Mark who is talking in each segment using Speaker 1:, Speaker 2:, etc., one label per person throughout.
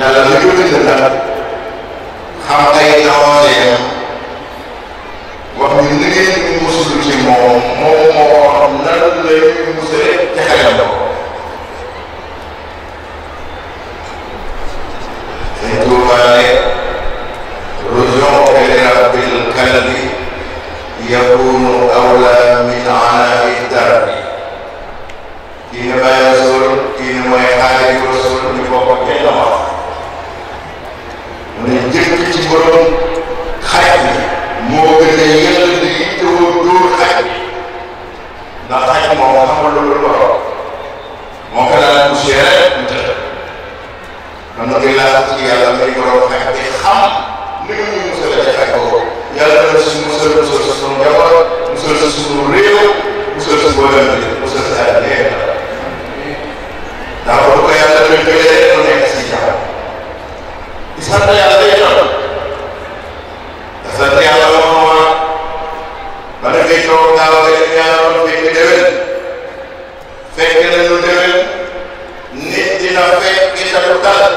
Speaker 1: yàlla la ñu bind nag xam ay nawleem wax ñu ni ngeen ñu musul ci moom moom moo xam nan lay musale fekke na lu déwén nit dina fekke te lu dal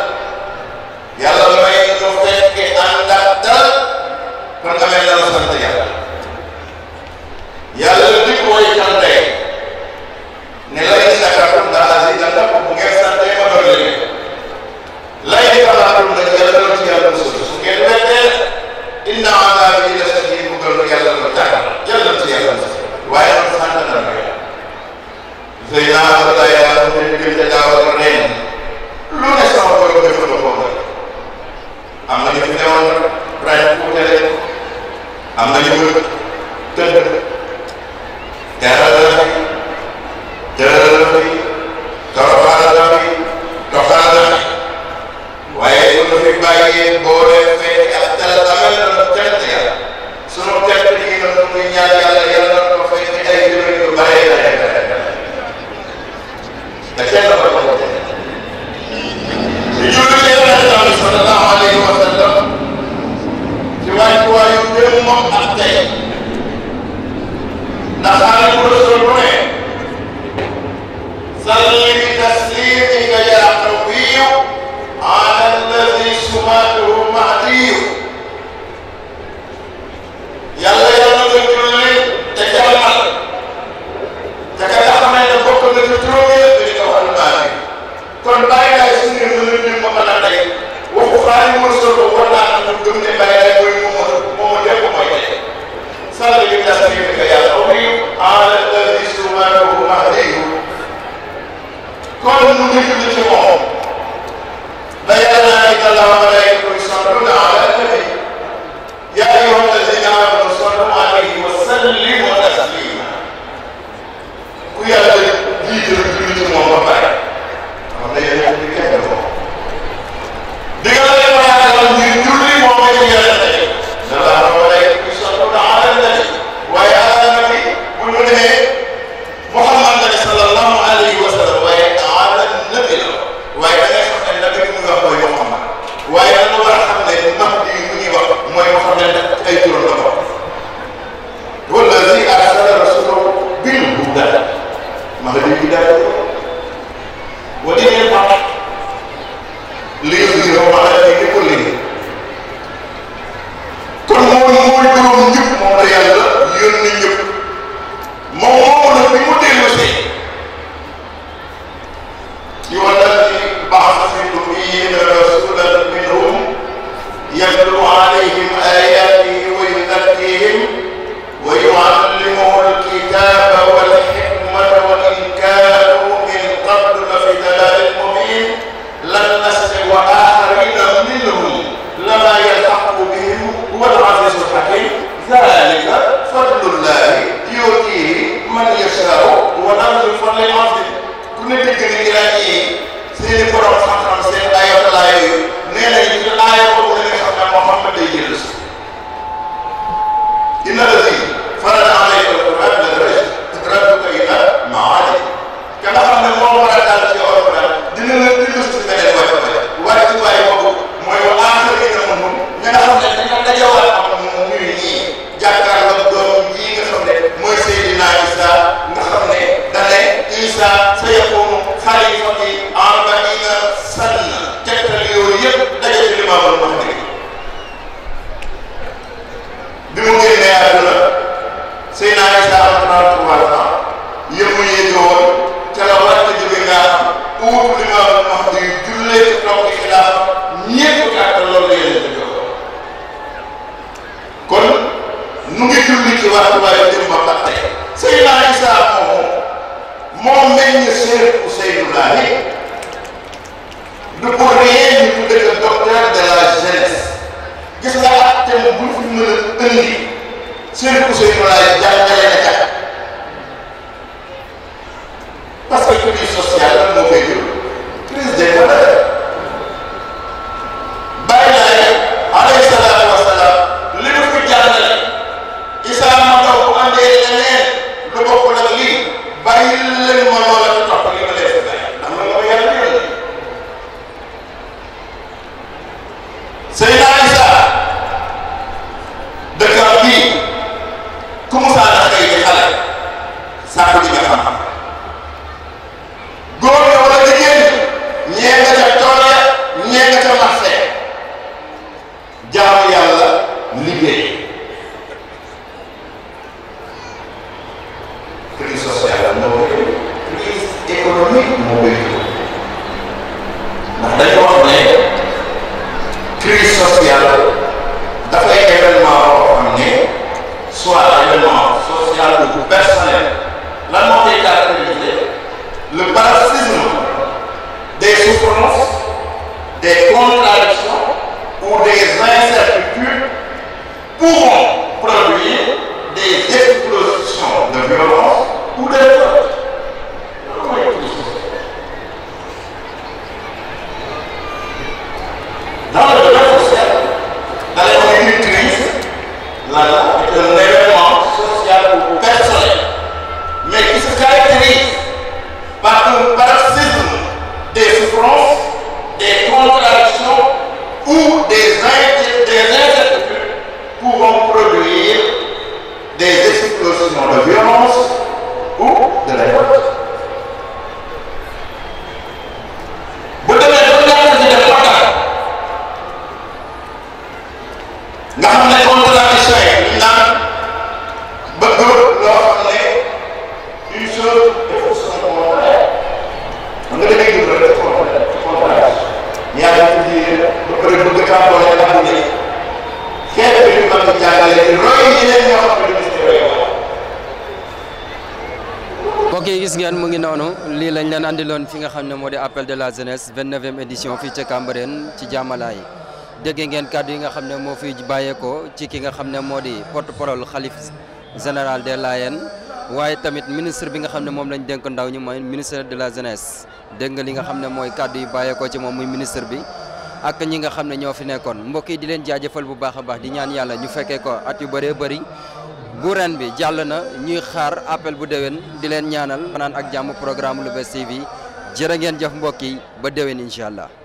Speaker 1: yàlla may ñu fekke ànd ak dal kon amee na la sant yàlla yàlla di koy sante ne la in shakartum la azidannakum bu ngeen sante ma doon leen lay di xalaatul nag yàlla doon ci yàlla musul su ngeen weddee inna azaabi Seydina Abdoulaye yàlla mu ne gën a daawal reen lu ne sama borom defal ma ko am na ñu fi newoon rek ku ne am na ñu ndax daanaka bu doon bu ne salli bi taslimika yaa qawiyu ala alladi sumatuhu mahdiyu yàlla yàlla nga julli te jàmmal te ka nga xam ne bokk nga ci juróomi yëpp di ko waxal baal kon bàyyi laay suñu mënu ñu ma mën a tey waxu xaari mën solo war naa am gëm ne bàyyi laay mooy mu mën moo ma def mooy tey salli bi taslimika yaa qawiyu xaaral tey jii suuf maa ngi ko maa dégg kon mu njëkk bi ci boppam day dalee ka laa ma lay koy sonal lu daa la tey yaa ngi wax ne dinaa la ko sonal maa ngi ko sën lii wala lii ku yàlla jiite بعث في الأميين رسولا منهم يتلو عليهم آياته uur bi ma la wax di jullee ci toog yi daal ñëpp gàttal loolu kon nu ngi julli ci waxtu waaye jëm ba ba tey Seydina Isa moom moo meññ Cheikh Ousseynou Lahi du pour rien ñu tuddee le docteur de la jeunesse gis nga at thème bu ñu fi mën a indi Cheikh Ousseynou Lahi jàngale na ou des incertitudes pourront produire des explosions de violence ou de peur. Dans le domaine social, dans les utilise la est un événement social ou personnel, mais qui se caractérise par un paroxysme des souffrances question de violence ou de la révolte bu demee ba nga xam ne def kontaan nga xam ne contradiction yi gis ngeen mu ngi noonu lii lañ leen andiloon fi nga xam ne moo di appel de la jeunesse 29e édition fii ca Cambérène ci jàmmalaay dégg ngeen kàddu yi nga xam ne moo fi bàyyeekoo ci ki nga xam ne moo di porte parole xalif général des Layènes waaye tamit ministre bi nga xam ne moom lañ dénk ndaw ñi mooy ministre de la jeunesse dégg nga li nga xam ne mooy kàddu yi bàyyeekoo ci moom muy ministre bi ak ñi nga xam ne ñoo fi nekkoon mbokk yi di leen jaajëfal bu baax a baax di ñaan yàlla ñu fekkee ko at yu bëree bëri. bu ren bi jàll na ñuy xaar appel bu déwén di leen ñaanal fanaan ak jàmm programme Lou'Bess TV jërë ngeen jëf mbokk yi ba déwén incha allah.